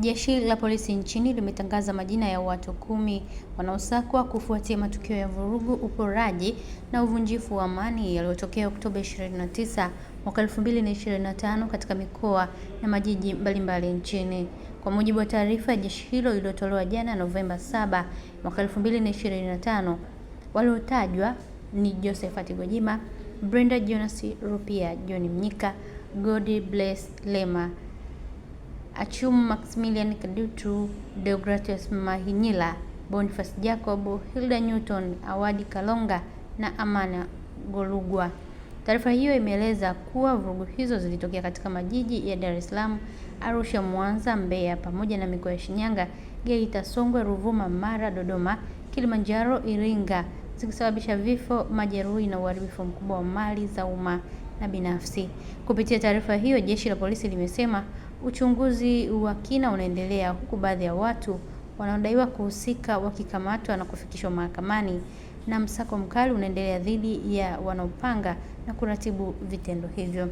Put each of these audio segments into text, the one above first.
Jeshi la polisi nchini limetangaza majina ya watu kumi wanaosakwa kufuatia matukio ya vurugu, uporaji na uvunjifu wa amani yaliyotokea Oktoba 29 mwaka 2025 katika mikoa na majiji mbalimbali nchini. Kwa mujibu wa taarifa ya jeshi hilo iliyotolewa jana Novemba 7 mwaka 2025, waliotajwa ni Josephat Gwajima, Brenda Jonas Rupia, John Mnyika, God Bless Lema Achumu Maximilian Kadutu, Deogratius Mahinyila, Boniface Jacob, Hilda Newton, Awadi Kalonga na Amana Golugwa. Taarifa hiyo imeeleza kuwa vurugu hizo zilitokea katika majiji ya Dar es Salaam, Arusha, Mwanza, Mbeya pamoja na mikoa ya Shinyanga, Geita, Songwe, Ruvuma, Mara, Dodoma, Kilimanjaro, Iringa zikisababisha vifo, majeruhi na uharibifu mkubwa wa mali za umma na binafsi. Kupitia taarifa hiyo, jeshi la polisi limesema Uchunguzi wa kina unaendelea huku baadhi ya watu wanaodaiwa kuhusika wakikamatwa na kufikishwa mahakamani na msako mkali unaendelea dhidi ya wanaopanga na kuratibu vitendo hivyo.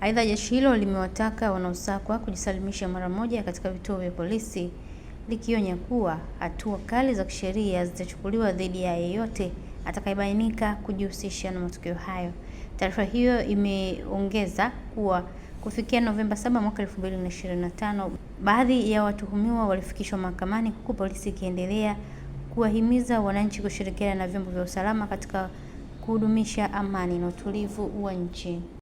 Aidha, jeshi hilo limewataka wanaosakwa kujisalimisha mara moja katika vituo vya polisi likionya kuwa hatua kali za kisheria zitachukuliwa dhidi ya yeyote atakayebainika kujihusisha na matukio hayo. Taarifa hiyo imeongeza kuwa kufikia Novemba 7 mwaka 2025, baadhi ya watuhumiwa walifikishwa mahakamani huku polisi ikiendelea kuwahimiza wananchi kushirikiana na vyombo vya usalama katika kudumisha amani na utulivu wa nchi.